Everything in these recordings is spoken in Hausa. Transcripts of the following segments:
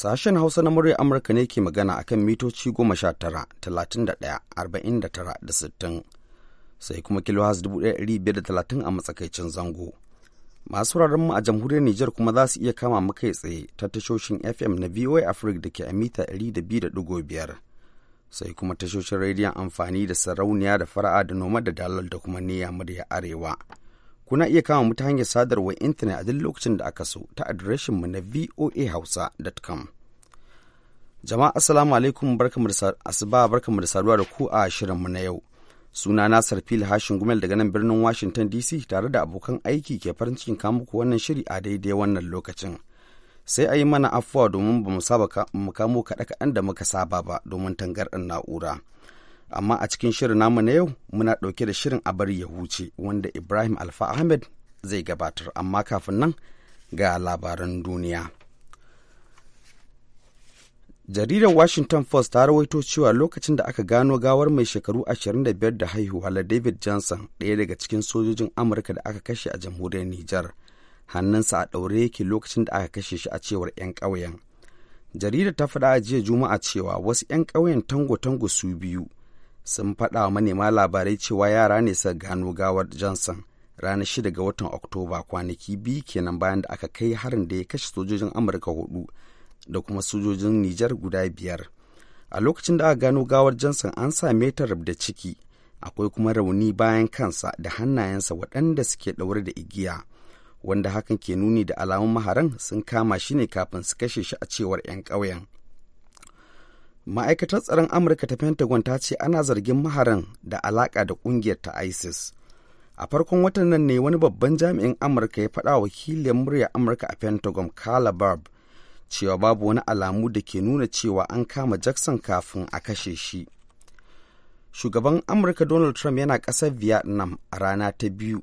Sashen Hausa na murya Amurka ne ke magana a kan mitoci goma sha tara, talatin da ɗaya, arba'in da tara da sittin, sai kuma kilohaz dubu ɗaya ɗari biyar da talatin a matsakaicin zango. Masu wuraren mu a jamhuriyar Nijar kuma za su iya kama mu tsaye ta tashoshin FM na VOA Africa da ke a mita ɗari da biyu da ɗigo biyar. Sai kuma tashoshin rediyon amfani da sarauniya da fara'a da noma da dalal da kuma niyya murya arewa. Kuna iya kama mu ta hanyar sadarwar intanet a duk lokacin da aka so ta mu na voahausa.com. Jama'a assalamu alaikum barkamu da asuba barkamu da saduwa da ku a mu na yau. Suna na Sarfil Hashin Gumel daga nan birnin Washington DC tare da abokan aiki ke farin cikin kawo muku wannan shiri a daidai wannan lokacin. Sai a yi mana afuwa domin ba mu saba mu kamo kaɗe-kaɗen da muka saba ba domin tangar na'ura. na'ura. amma a cikin shirin namu na yau muna ɗauke da shirin a bari ya huce wanda ibrahim alfa ahmed zai gabatar amma kafin nan ga labaran duniya jaridar washington post ta rawaito cewa lokacin da aka gano gawar mai shekaru 25 da haihuwa la david johnson ɗaya daga cikin sojojin amurka da aka kashe a jamhuriyar niger hannunsa a ɗaure yake lokacin da aka kashe shi a cewar 'yan ƙauyen jaridar ta faɗa a jiya juma'a cewa wasu 'yan ƙauyen tango-tango su biyu sun faɗa wa manema labarai cewa yara ne suka gano gawar Johnson ranar 6 ga watan Oktoba kwanaki biyu kenan bayan da aka kai harin da ya kashe sojojin Amurka hudu da kuma sojojin Nijar guda biyar. A lokacin da aka gano gawar Johnson an same ta da ciki, akwai kuma rauni bayan kansa da hannayensa waɗanda suke ɗaure da igiya, wanda hakan ke nuni da alamun maharan sun kama shi ne kafin su kashe shi a cewar 'yan ƙauyen. ma'aikatar tsaron amurka ta pentagon ta ce ana zargin maharan da alaka da kungiyar ta isis a farkon watan nan ne wani babban jami'in amurka ya faɗa wakilin murya amurka a pentagon kala barb cewa babu wani alamu da ke nuna cewa an kama jackson kafin a kashe shi shugaban amurka donald trump yana ƙasar vietnam a rana ta biyu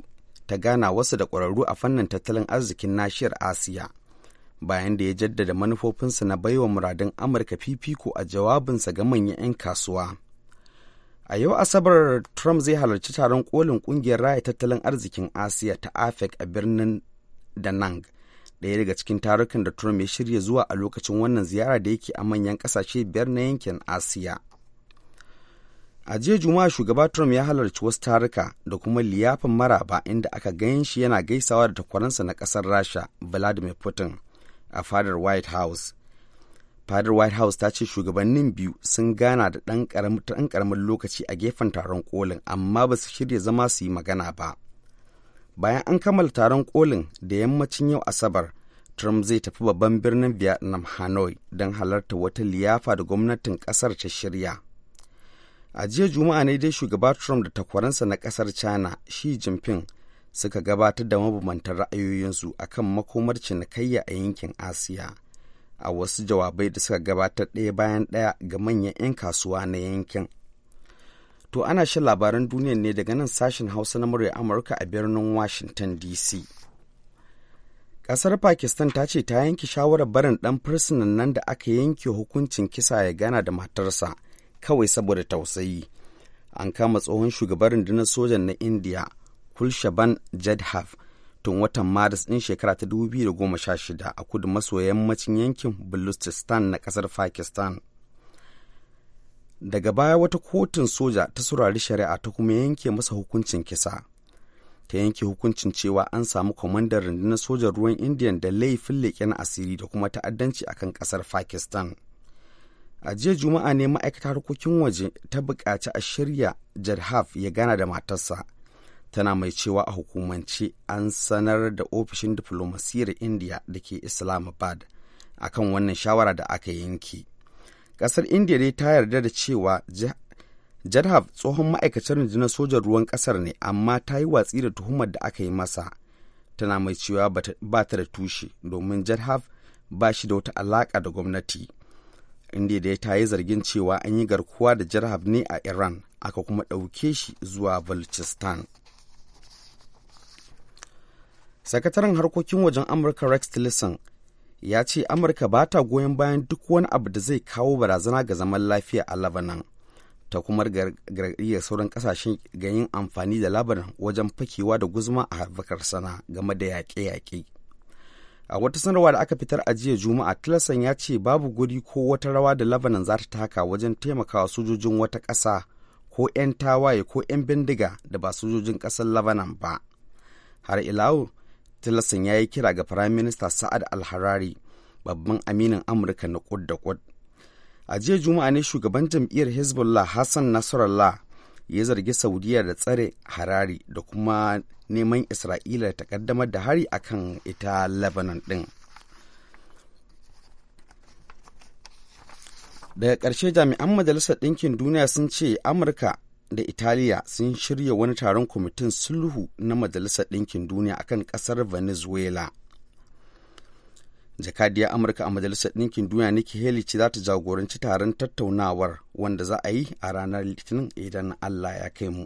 ta gana wasu da ƙwararru a fannin tattalin arzikin nashiyar asiya bayan da ya jaddada manufofinsa na baiwa muradun amurka fifiko a jawabinsa ga manyan 'yan kasuwa a yau asabar trump zai halarci taron kolin kungiyar raya tattalin arzikin asiya ta afec a birnin da nang ɗaya daga cikin tarukan da trump ya shirya zuwa a lokacin wannan ziyara da yake a manyan ƙasashe biyar na yankin asiya a jiya juma'a shugaba trump ya halarci wasu taruka da kuma liyafin maraba inda aka gan shi yana gaisawa da takwaransa na ƙasar rasha vladimir putin a fadar white house fadar white house ta ce shugabannin biyu sun gana da ɗan ƙaramin lokaci a gefen taron kolin amma ba su shirya zama su yi magana ba bayan an kammala taron kolin da yammacin yau asabar trump zai tafi babban birnin vietnam hanoi don halarta wata liyafa da gwamnatin ƙasar ta shirya a jiya juma'a ne dai shugaba trump da takwaransa na ƙasar china shi jinping suka gabatar da mabambantan ra'ayoyinsu a kan makomar cinikayya a yankin asiya a wasu jawabai da suka gabatar ɗaya bayan ɗaya ga manyan 'yan kasuwa na yankin to ana shan labaran duniya ne daga nan sashen hausa na murya amurka a birnin washington dc ƙasar pakistan ta ce ta yanke shawarar barin ɗan fursunan nan da aka yanke hukuncin kisa ya gana da matarsa kawai saboda tausayi an kama tsohon shugaban rundunar sojan na indiya Hulshaban jadhav tun watan Maris ɗin shekara ta 2016 a kudu maso yammacin yankin Balochistan na ƙasar Pakistan. Daga baya wata kotun soja ta saurari shari'a ta kuma yanke masa hukuncin kisa. Ta yanke hukuncin cewa an samu kwamandan rundunar sojan ruwan Indiyan da laifin leƙen asiri da kuma ta'addanci a kan ƙasar Pakistan. a jiya juma'a ne ma'aikatar harkokin waje ta buƙaci a shirya jarhaf ya gana da matarsa tana mai cewa a hukumance an sanar da ofishin diflomasiyyar indiya da ke islamabad a kan wannan shawara da aka yanke ƙasar indiya dai ta yarda da cewa jadhav tsohon ma'aikacin rundunar sojan ruwan ƙasar ne amma ta yi watsi da tuhumar da aka yi masa tana mai cewa ba ta da tushe domin jadhav ba shi da wata alaƙa da gwamnati indiya dai ta yi zargin cewa an yi garkuwa da jadhav ne a iran aka kuma ɗauke shi zuwa baluchistan sakataren harkokin wajen amurka rex tillerson ya ce amurka ba ta goyon bayan duk wani abu da zai kawo barazana ga zaman lafiya a labanan ta kuma da sauran ƙasashen ga yin amfani da labanan wajen fakewa da guzma a harkar sana game da yaƙe-yaƙe a wata sanarwa da aka fitar a jiya juma'a tilasan ya ce babu guri ko wata rawa da labanan za ta taka wajen taimakawa sojojin wata ƙasa ko 'yan tawaye ko 'yan bindiga da ba sojojin ƙasar labanan ba har ilawu Tillerson ya yi kira ga Firayim Minista Sa'ad alharari babban aminin Amurka na kud da kud. A jiya Juma'a ne shugaban jam'iyyar Hezbollah Hassan nasarallah ya zargi Saudiya da tsare Harari da kuma neman Isra'ila ta kaddamar da hari a kan ita Lebanon ɗin. daga karshe jami'an majalisar ɗinkin duniya sun ce amurka da Italiya sun shirya wani taron kwamitin sulhu na Majalisar Ɗinkin Duniya akan ƙasar Venezuela. Jakadiyar Amurka a Majalisar Ɗinkin Duniya Nikki Haley ce za ta jagoranci taron tattaunawar wanda za a yi a ranar Litinin idan Allah ya kai mu.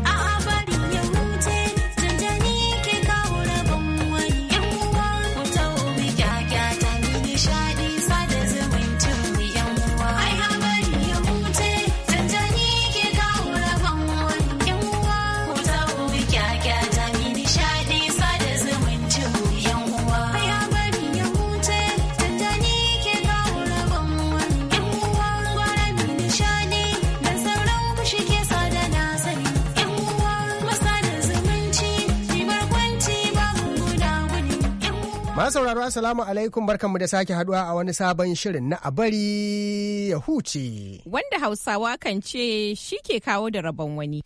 assalamu alaikum barkanmu da sake haduwa a wani sabon shirin na abari ya huce. Wanda Hausawa kan ce shi ke kawo da rabon wani.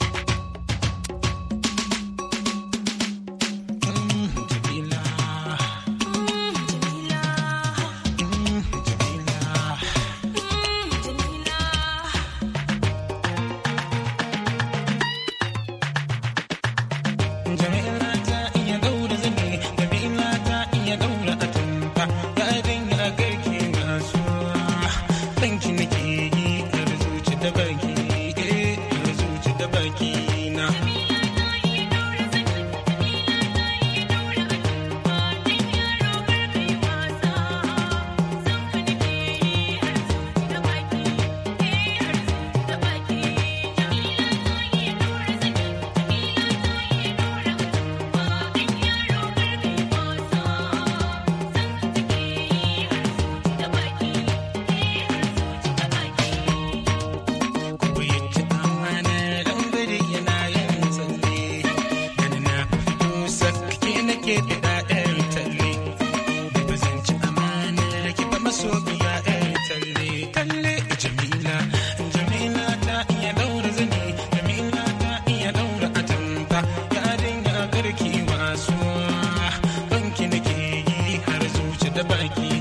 ta baki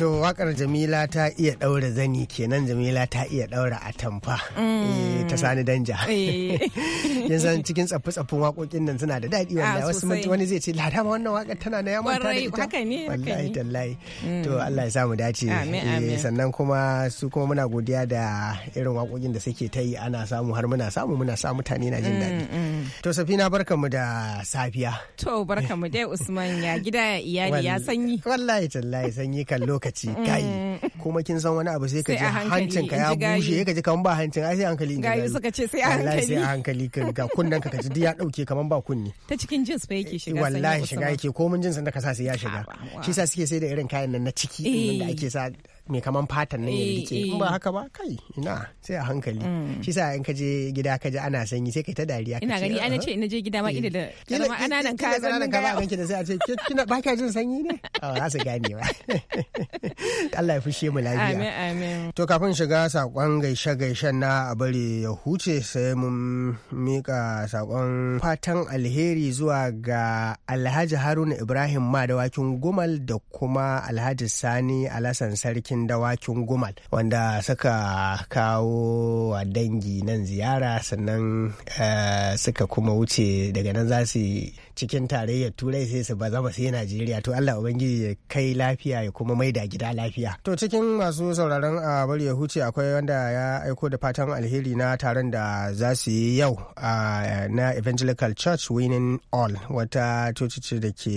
To wakar Jamila ta iya ɗaura zani kenan Jamila ta iya ɗaura atamfa eh, ta sani danja. Yanzu eh. cikin tsaffi-tsaffin waƙoƙin nan suna da daɗi wanda ah, wasu wani zai ce lada ma wannan wakar tana na yamma. ta da ita. Haka ne. Wallahi tallahi. Mm. To Allah ya sa mu dace. Eh, sannan kuma su kuma muna godiya da irin waƙoƙin da suke ta yi ana samu har muna samu muna sa mutane na jin daɗi. Mm, mm. To Safina barkanmu da safiya. To barkanmu dai Usman ya gida ya iyali ya sanyi. Wallahi tallahi sanyi kallo lokaci kai eh. kuma kin san wani abu sai ka ji hancin ka ya bushe ka ji kaman ba hancin ai sai hankali gayu suka ce sai hankali sai hankali ka ga kunnan ka ji ya dauke kaman ba kunni ta cikin jeans fa yake shiga wallahi shiga yake ko mun jeans da ka sa sai ya shiga shi sa suke sai da irin kayan nan na ciki eh. da ake sa mai kaman fatan nan ya eh, rikice in ba eh. haka ba kai ina sai a hankali mm. shi sa in ka je gida ka ji ana sanyi sai kai ta dariya ina gani ana ce ina je gida ma ina da eh. kuma ana nan ka ga nan ka ba da sai a ce kina ba ka jin sanyi ne a za su gane ba Allah ya fushe mu lafiya amin amin to kafin shiga sakon gaishe gaishen na a bari ya huce sai mun mika sakon fatan alheri zuwa ga Alhaji Haruna Ibrahim Madawakin Gumal da kuma Alhaji Sani Alasan Sarki sarkin dawakin gumal wanda suka kawo wa dangi nan ziyara sannan eh, suka kuma wuce daga nan za su cikin tarayyar turai sai su bazama sai najeriya to allah ubangiji ya kai lafiya ya kuma mai da gida lafiya to cikin masu sauraron a ah, bari ya huce akwai wanda ya aiko da fatan alheri na taron da za su yi yau ah, na evangelical church winning all wata cocici da ke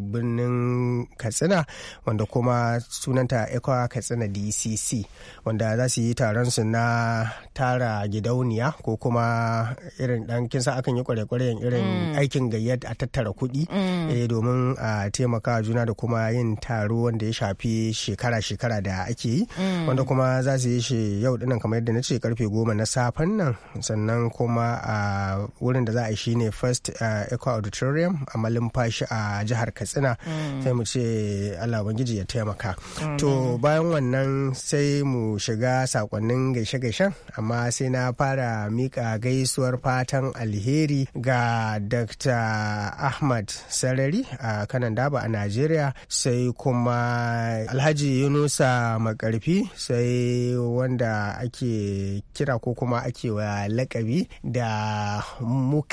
birnin katsina wanda kuma sunanta ekwa katsina dcc wanda za su yi taron su na tara gidauniya ko kuma irin dan kinsa akan yi kware-kwaren irin mm. aikin gayyata tattara kuɗi mm. eh, domin a taimaka juna da kuma yin taro wanda ya shafi shekara-shekara da ake yi mm. wanda kuma za su yi shi yau dinnan kamar yadda na ce karfe goma na safen nan sannan kuma a wurin da za a shi ne first eco auditorium a fashi a jihar katsina mm. sai mu ce allah ubangiji ya taimaka to bayan wannan sai mu shiga sakonnin gaishe-gaishen amma sai na fara mika gaisuwar fatan alheri ga dr ahmad sarari a kanan daba a najeriya sai kuma alhaji yunusa makarfi sai wanda ake kira ko kuma ake wa lakabi da mux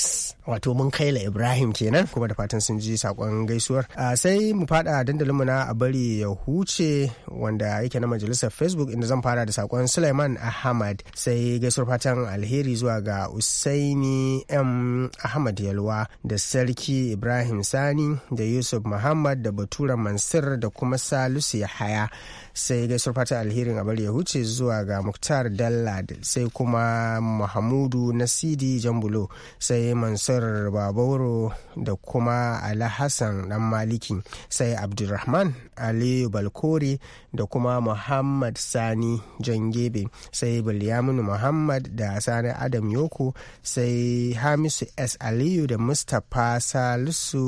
wato mun kaila ibrahim kenan kuma da fatan sun ji sakon gaisuwar sai mu fada dandalinmu na a bari ya huce wanda yake na majalisar facebook inda zan fara da sakon suleiman ahmad sai gaisuwar fatan alheri zuwa ga usaini m ahmad yalwa da sarki Sarki Ibrahim Sani da Yusuf Muhammad da Batura Mansur da kuma Salisu Yahaya sai gaisuwar fata alherin a abar ya huce zuwa ga Muktar Dalla sai kuma Muhammadu Nasidi Jambulo sai Mansur Babauro da kuma Ali Hassan Dan Maliki sai Abdulrahman Aliyu Balkore da kuma muhammad sani jangebe sai bilyaminu muhammad da sani adam yoko sai hamisu s aliyu da mustapha salisu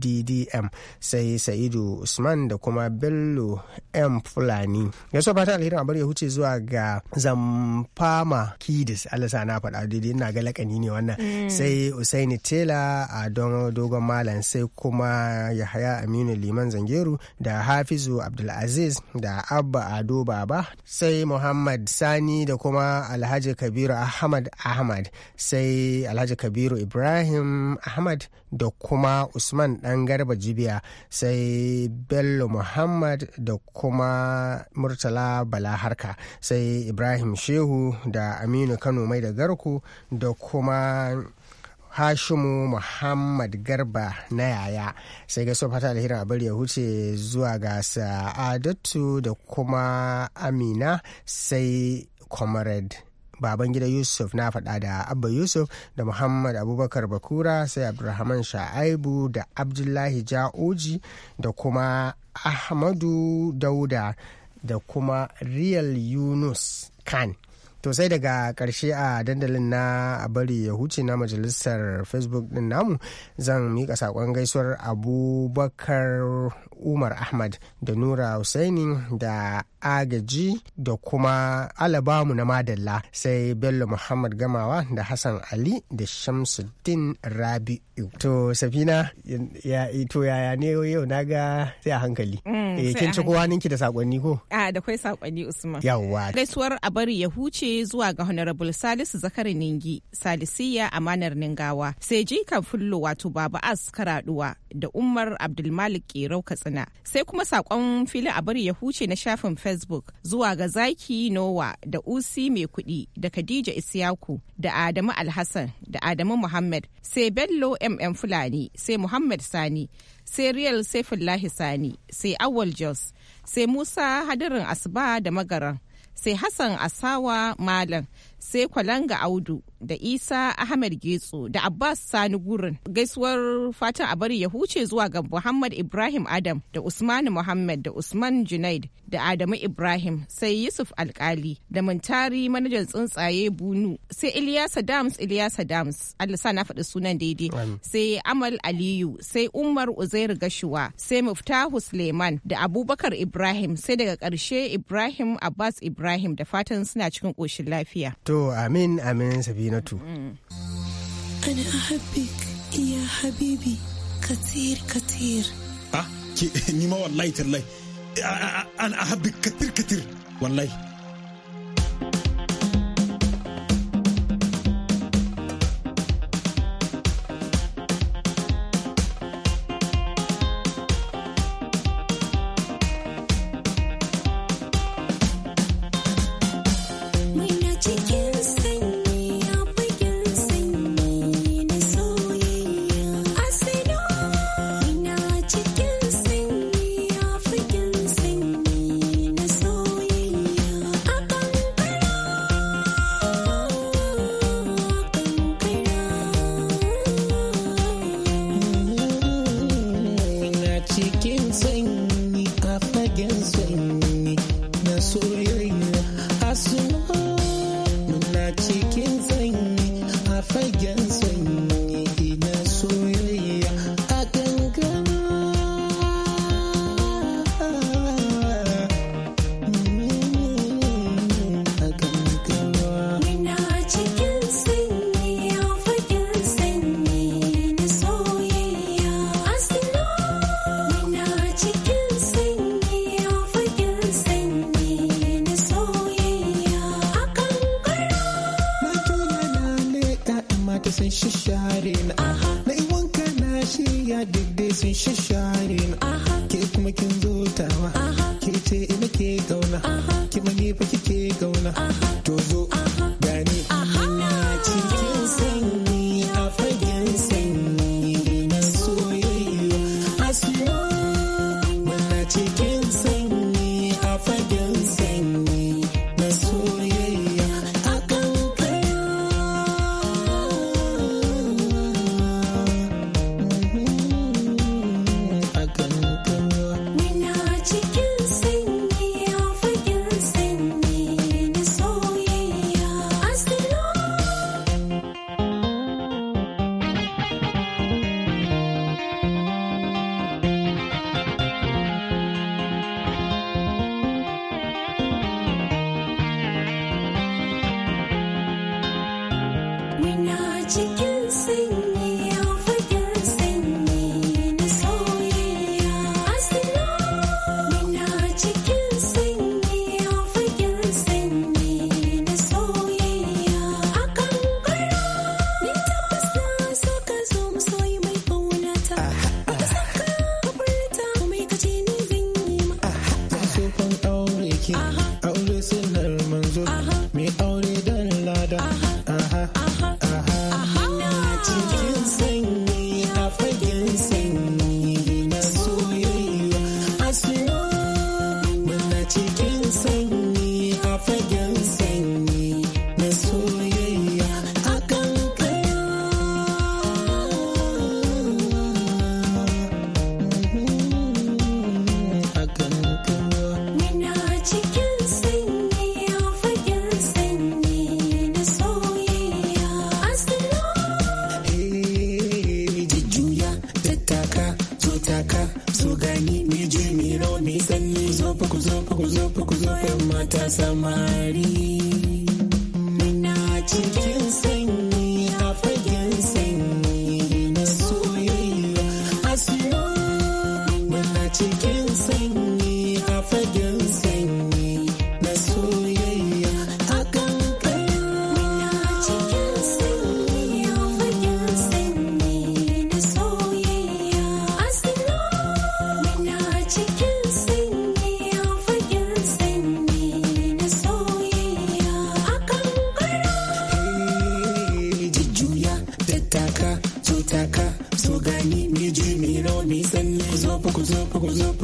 ddm sai sa'idu usman da kuma bello m fulani gaisuwa fata alherin abar ya huce zuwa ga zamfama kidis alasa na faɗa daidai ina ga lakani ne wannan mm. sai usaini tela a don dogon malam sai kuma yahaya aminu liman zangeru da hafizu abdulaziz da abba ado baba sai muhammad sani da kuma alhaji kabiru ahmad ahmad sai alhaji kabiru ibrahim ahmad da kuma usman dan garba jibiya sai bello muhammad da kuma murtala bala harka sai ibrahim shehu da aminu kano mai da garku da kuma hashimu muhammad garba na yaya sai gaso fata alherin abar ya huce zuwa ga sa'adatu da kuma amina sai comrade Babangida Yusuf na faɗa da Abba Yusuf da Muhammad Abubakar Bakura sai Abdulrahman Sha'aibu da Abdullahi Ja'oji da kuma Ahmadu Dauda da kuma Real Yunus Khan. to sai daga karshe a dandalin na a bari ya huce na majalisar facebook din namu zan miƙa saƙon gaisuwar abubakar umar ahmad da nura husaini da agaji da kuma alabamu na madalla sai bello muhammad gamawa da hassan ali da shamsuddin rabi'u to safina ya to yaya ne yau na ga sai a hankali mm, eh kin ci kowa ninki da sakonni ko a da kai sakonni usman yawa gaisuwar a bari ya huce zuwa ga honorable salisu zakari ningi salisiya amanar ningawa sai jikan fullo wato baba as karaduwa da Umar Abdulmalik Kerau Katsina. Sai kuma sakon fili a bari ya huce na shafin Facebook zuwa ga Zaki Nowa da Usi Mai Kuɗi da Khadija Isiyaku da Adamu Alhassan da Adamu Muhammad sai Bello MM Fulani sai Muhammad Sani sai Riyal Saifullahi Sani sai Awal Jos sai Musa Hadirin Asuba da Magaran sai Hassan Asawa Malam sai kwalanga audu da isa ahmed getso da abbas sani gurin gaisuwar fatan a bari ya huce zuwa ga muhammad ibrahim adam da Usman muhammad da usman junaid da adamu ibrahim sai yusuf alkali da mintari manajan tsuntsaye bunu sai iliyasa dams iliyasa dams alisa na faɗi sunan daidai sai amal aliyu sai umar uzair gashuwa sai muftahu suleiman da abubakar ibrahim sai daga ƙarshe ibrahim abbas ibrahim da fatan suna cikin ƙoshin lafiya To amin amin Sabinatu. Ana ahabbik ya habibi katir katir. Ah, ni ma wallahi tallai Ana ahabbik katir katir wallahi.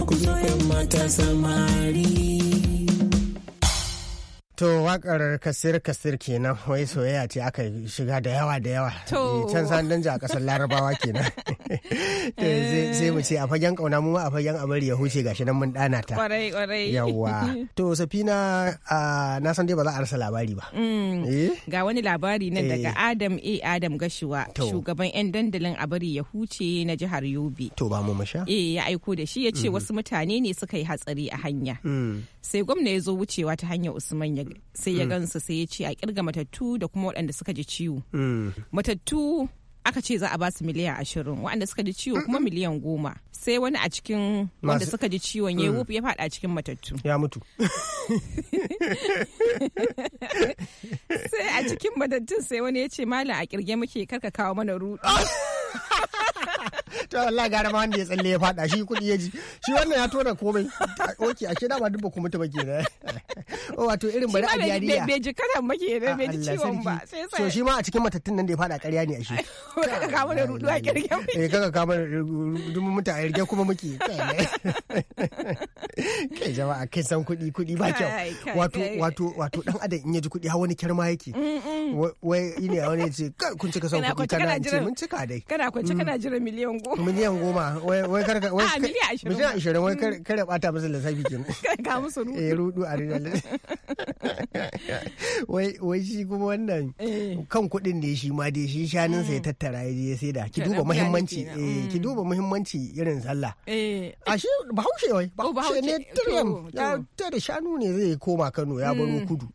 Kuzo zo mata samari. To wakar kasir kasir kenan wai soyayya ce aka shiga da yawa da yawa. To eh, can sandan a kasar Larabawa kenan. To sai mu ce a fagen kauna mu a fagen amari ya huce gashi nan mun dana ta. Kwarai kwarai. Yawwa. To Safina na san dai ba za a rasa labari ba. Mm. Eh? Ga wani labari nan daga eh. Adam A Adam Gashuwa shugaban yan dandalin abari ya huce na jihar Yobe. To ba mu masha. Eh ya aiko da shi ya ce mm. wasu mutane ne suka yi hatsari a hanya. Mm. Sai gwamna ya zo wucewa ta hanyar Usman ya sai ya mm. gansu sai ya ce a kirga matattu da kuma waɗanda suka ji ciwo mm. matattu aka ce za a basu miliyan ashirin waɗanda suka ji ciwo kuma miliyan goma sai wani a cikin wanda suka ji ciwon ya mm. wuf ya faɗa cikin matattu ya mutu sai a cikin matattun sai wani ya ce malam a kirge muke karka kawo mana rudu to wallahi gara ma wanda ya tsalle ya fada shi kudi ya ji shi wannan ya tona komai oke ashe dama ba ba ku mutu ba kenan o oh, wato irin bari a jariya bai ji kana maki ne bai ji ah, ciwon ba so shi ma a cikin matattun nan da ya fada ƙarya ne ashe kaga ka mana rudu a kirge eh kaga ka mana rudu mutu a kirge kuma muke kai jama'a kai san kudi-kudi ba kyau wato wato wato dan adam in ya ji kudi ha wani kirma yake mm, mm. wai ina wani ce kun cika san kudi kana ce mun cika dai kana kwance mm. kana jira miliyan goma. Miliyan goma. Wai kar wai a ah, miliyan ashirin. Miliyan wai mm. kar ya bata musu lissafi kenan. Ka musu rudu. Eh rudu a rijal. Wai wai shi kuma wannan eh. kan kuɗin da shi ma dai shi shanin sai mm. tattara ya je sai da ki duba muhimmanci eh ki mm. duba muhimmanci irin sallah. Eh. A shi Bahaushe wai oh, Bahaushe ne tiryam ya ta da shanu ne zai koma Kano ya baro kudu.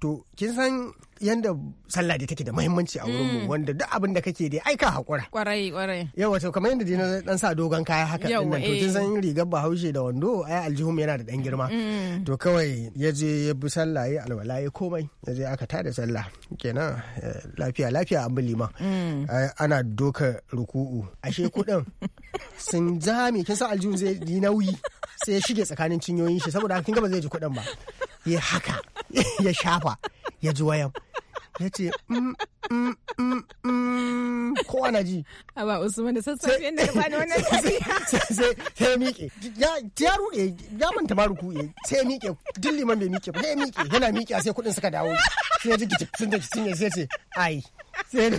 To kin san yanda sallah dai take da muhimmanci a wurin mu mm. wanda duk abin da kake dai aika hakura kwarai kwarai yawa to kamar yanda dai dan sa dogon kaya haka din nan to kin san eh. rigar Bahaushe da wando ai aljihun yana da dan girma mm. to kawai ya je ya bi sallah ya alwala ya komai ya aka tada sallah kenan eh, lafiya lafiya an bi mm. ana doka ruku'u ashe kudin sun jami kin san aljihun zai yi nauyi sai ya shige tsakanin cinyoyin shi saboda kin ga ba zai ji kuɗin ba ya haka ya shafa ya ji wayan ya ce mm, mm, mm, kowa na ji a ba usman da sassafe yadda ba ne wannan sai ya miƙe ya ruɗe ya manta ba ruku ya sai ya miƙe duk liman bai miƙe ba sai ya miƙe yana miƙe sai kuɗin suka dawo sai ya ji kicin sun da sun ya sai ce ai sai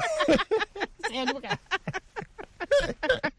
ya duka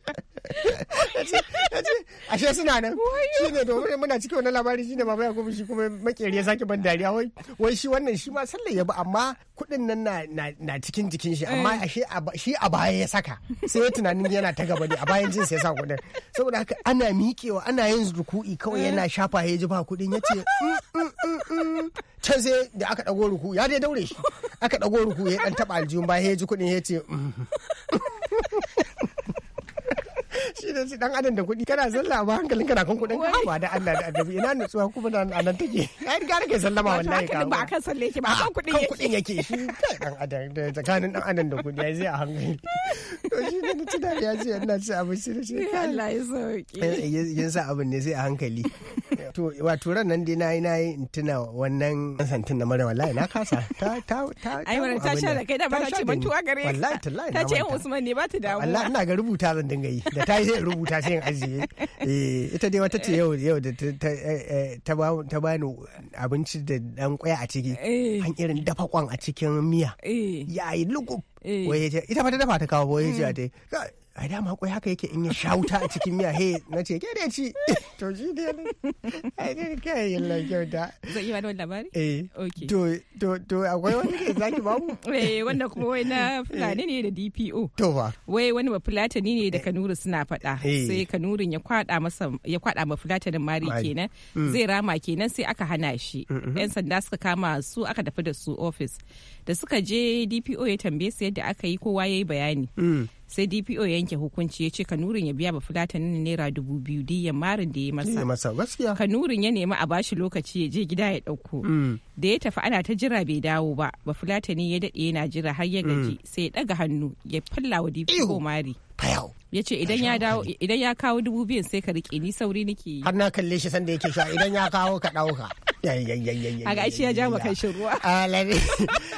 ashe suna nan shi ne domin muna cikin wani labarin shi ne baba yakubu shi kuma makeri ya sake ban dariya wai wai shi wannan shi ma sallai ya bi amma kuɗin nan na cikin jikin shi amma eh. ashe shi a baya ya saka sai ya tunanin yana ta gaba ne a bayan jin sai ya sa kudin saboda haka ana miƙewa ana yin ruku'i kawai eh. yana shafa ya ji ba kudin ya ce mm, mm, mm, can sai da aka ɗago ruku ya dai daure shi aka ɗago ruku ya ɗan taɓa aljihun ba ya ji yace ya ce shi ne shi dan adam da kuɗi kana zalla ba hankalin kana kan kuɗin ka ba da Allah da annabi ina nutsuwa kuma da nan take ai riga nake sallama wallahi ka ba kan salle yake ba kan kuɗin yake kuɗin yake shi dan adam da tsakanin dan adam da kuɗi ai zai a hankali to shi ne na tuna ya ji ina ci abin shi da shi Allah ya sauki eh, yin sa abin ne sai a hankali to wato ran nan dai nayi nayi in tuna wannan santin na mara wallahi na kasa ta ta ta ai mara ta sha da kai da ba ta ce ban tuwa gare ta ce Usman ne ba ta damu Allah ina ga rubuta zan dinga yi da ta yi zai rubuta sai in ajiye eh, ita dai wata ce yau yau da ta eh, eh, bani abinci da dan kwaya a ciki an irin dafa kwan a cikin miya yayi lugub ita fa ta dafa ta kawo ya ce a mm. ta ai dama akwai haka yake in ya sha wuta a cikin miya he na ce ke da ci to shi ne ai ne kai yalla da zai yi wani labari eh okay to to to akwai wani ke zaki babu eh wanda kuma wai na fulani ne da DPO to ba. wai wani ba fulatani ne da Kanuri suna faɗa eh. sai Kanurin ya kwada masa ya kwada ma fulatanin mari kenan mm. zai rama kenan sai aka hana shi mm-hmm. yan sanda suka kama su aka tafi da su office da suka je DPO ya tambaye su yadda aka yi kowa yayi bayani mm. sai dpo yanke hukunci ya ce kanurin ya biya ba fulatanin naira dubu biyu diyan marin da ya masa gaskiya kanurin ya nema a bashi lokaci ya je gida ya dauko mm. da ya tafi ana ta jira bai dawo ba ba fulatani ya dade yana jira har ya gaji mm. sai ya daga hannu ya falla wa dpo mari ya ce idan ya dawo idan ya kawo dubu biyun sai ka rike ni sauri nake har na kalle shi sanda yake sha idan ya kawo ka dauka a ga shi ya ja ma shi ruwa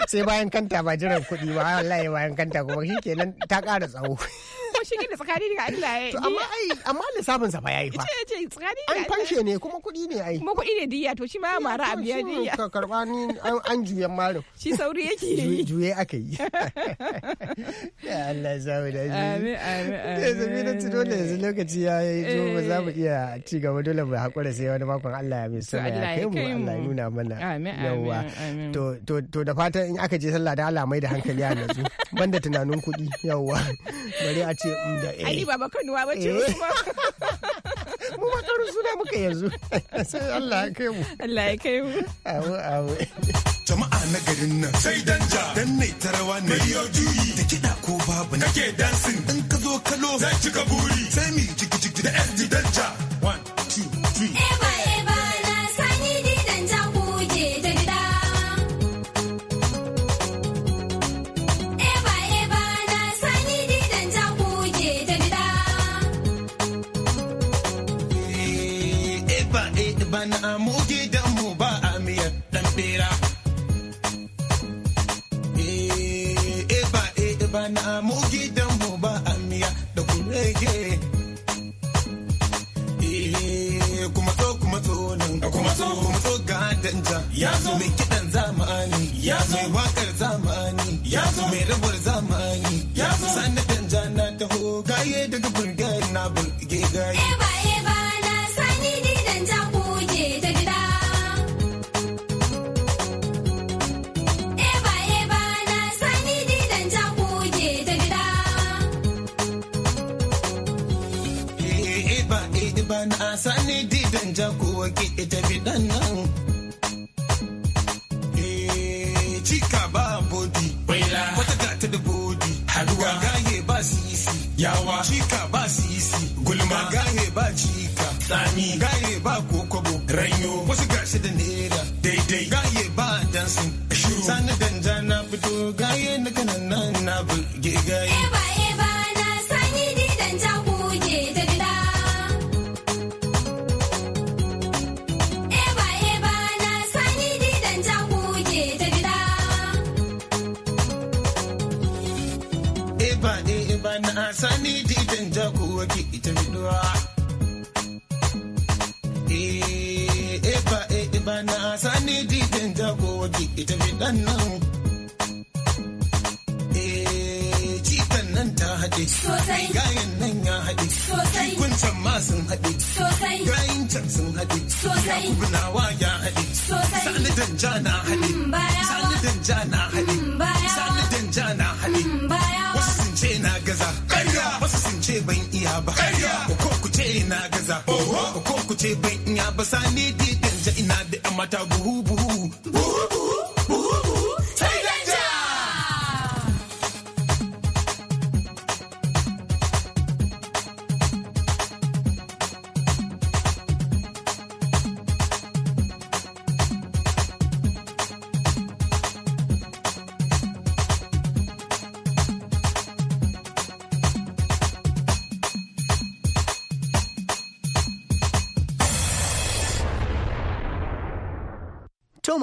sai bayan kanta ba jiran kuɗi ba wallahi bayan kanta kuma kenan ta ƙara tsawo shi ne tsakani ga Allah ya yi. Amma ai amma lissafin sa fa yayi fa. Ce ce tsakani ga. An fanshe ne kuma kuɗi ne ai. Kuma kuɗi ne diya to shi ma mara a biya diya. Ka karba ni an juyen marin. Shi sauri yake yi. Juye aka yi. Ya Allah za mu da shi. Amin amin amin. Da zabi da ci dole yanzu lokaci ya yi to ba za mu eh. iya ci gaba dole mu haƙura sai wani makon Allah ya mai sama ya kai mu Allah ya nuna mana. Amin amin. To to to da fatan in aka je sallah da Allah mai da hankali a yanzu banda tunanin kuɗi yawwa bari a ce da eh ali baba bace kuma mu ma karu suna muka yanzu sai Allah ya kai mu Allah ya kai mu jama'a na garin nan sai danja dan ne tarawa ne yo juyi da kida ko babu ne kake dancing in ka zo kalo zai cika buri sai mi jiki jiki da SD danja 1 2 3 ya zo mai kidan zamani ya zo mai wakar zamani ya zo mai rabuwar zamani ya zo sanatan jana taho gaye daga bulgari na bulge gaye Sani didan jagowa ke ita bidan nan yawa chika ba sisi gulma gahe ba cika tsami gahe ba kokobo ranyo wasu gashi da nera daidai gahe ba dansin shuru sani danja na fito gahe na kanan na bugi gahe